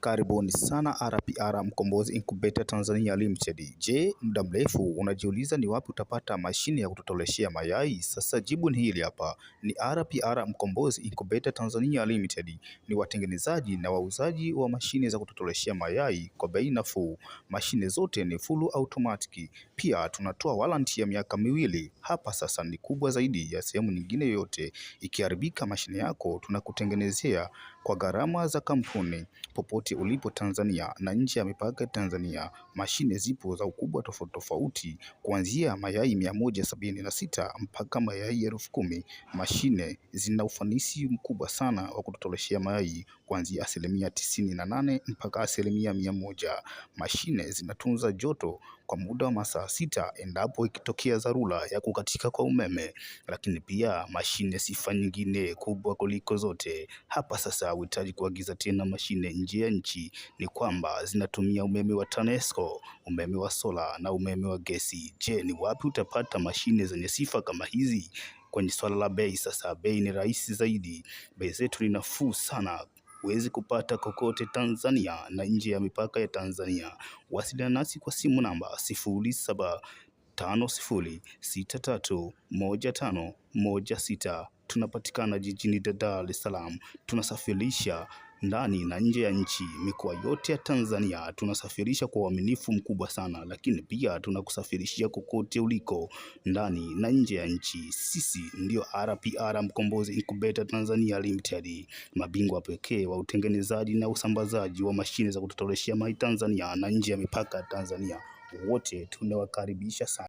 Karibuni sana RPR Mkombozi Incubator Tanzania Limited. Je, muda mrefu unajiuliza ni wapi utapata mashine ya kutotoleshea mayai? Sasa jibu ni hili hapa, ni RPR Mkombozi Incubator Tanzania Limited. Ni watengenezaji na wauzaji wa mashine za kutotoleshea mayai kwa bei nafuu. Mashine zote ni full automatic. Pia tunatoa warranty ya miaka miwili. Hapa sasa ni kubwa zaidi ya sehemu nyingine yoyote. Ikiharibika mashine yako, tunakutengenezea kwa gharama za kampuni popote popote ulipo Tanzania na nje ya mipaka Tanzania. Mashine zipo za ukubwa tofauti tofauti kuanzia mayai mia moja sabini na sita mpaka mayai elfu kumi. Mashine zina ufanisi mkubwa sana wa kutotoleshea mayai kuanzia asilimia tisini na nane mpaka asilimia mia moja. Mashine zinatunza joto kwa muda wa masaa sita endapo ikitokea dharura ya kukatika kwa umeme. Lakini pia mashine sifa nyingine kubwa kuliko zote hapa sasa, uhitaji kuagiza tena mashine nje ya nchi ni kwamba zinatumia umeme wa TANESCO, umeme wa sola na umeme wa gesi. Je, ni wapi utapata mashine zenye sifa kama hizi? Kwenye swala la bei, sasa bei ni rahisi zaidi, bei zetu ni nafuu sana huwezi kupata kokote Tanzania na nje ya mipaka ya Tanzania. Wasiliana nasi kwa simu namba sifuri saba tano sifuri sita tatu moja tano moja sita. Tunapatikana jijini Dar es Salaam. Tunasafirisha ndani na nje ya nchi, mikoa yote ya Tanzania. Tunasafirisha kwa uaminifu mkubwa sana, lakini pia tunakusafirishia kokote uliko ndani na nje ya nchi. Sisi ndio RPR Mkombozi Incubator Tanzania Limited, mabingwa pekee wa utengenezaji na usambazaji wa mashine za kutotoleshea maji Tanzania na nje ya mipaka ya Tanzania. Wote tunawakaribisha sana.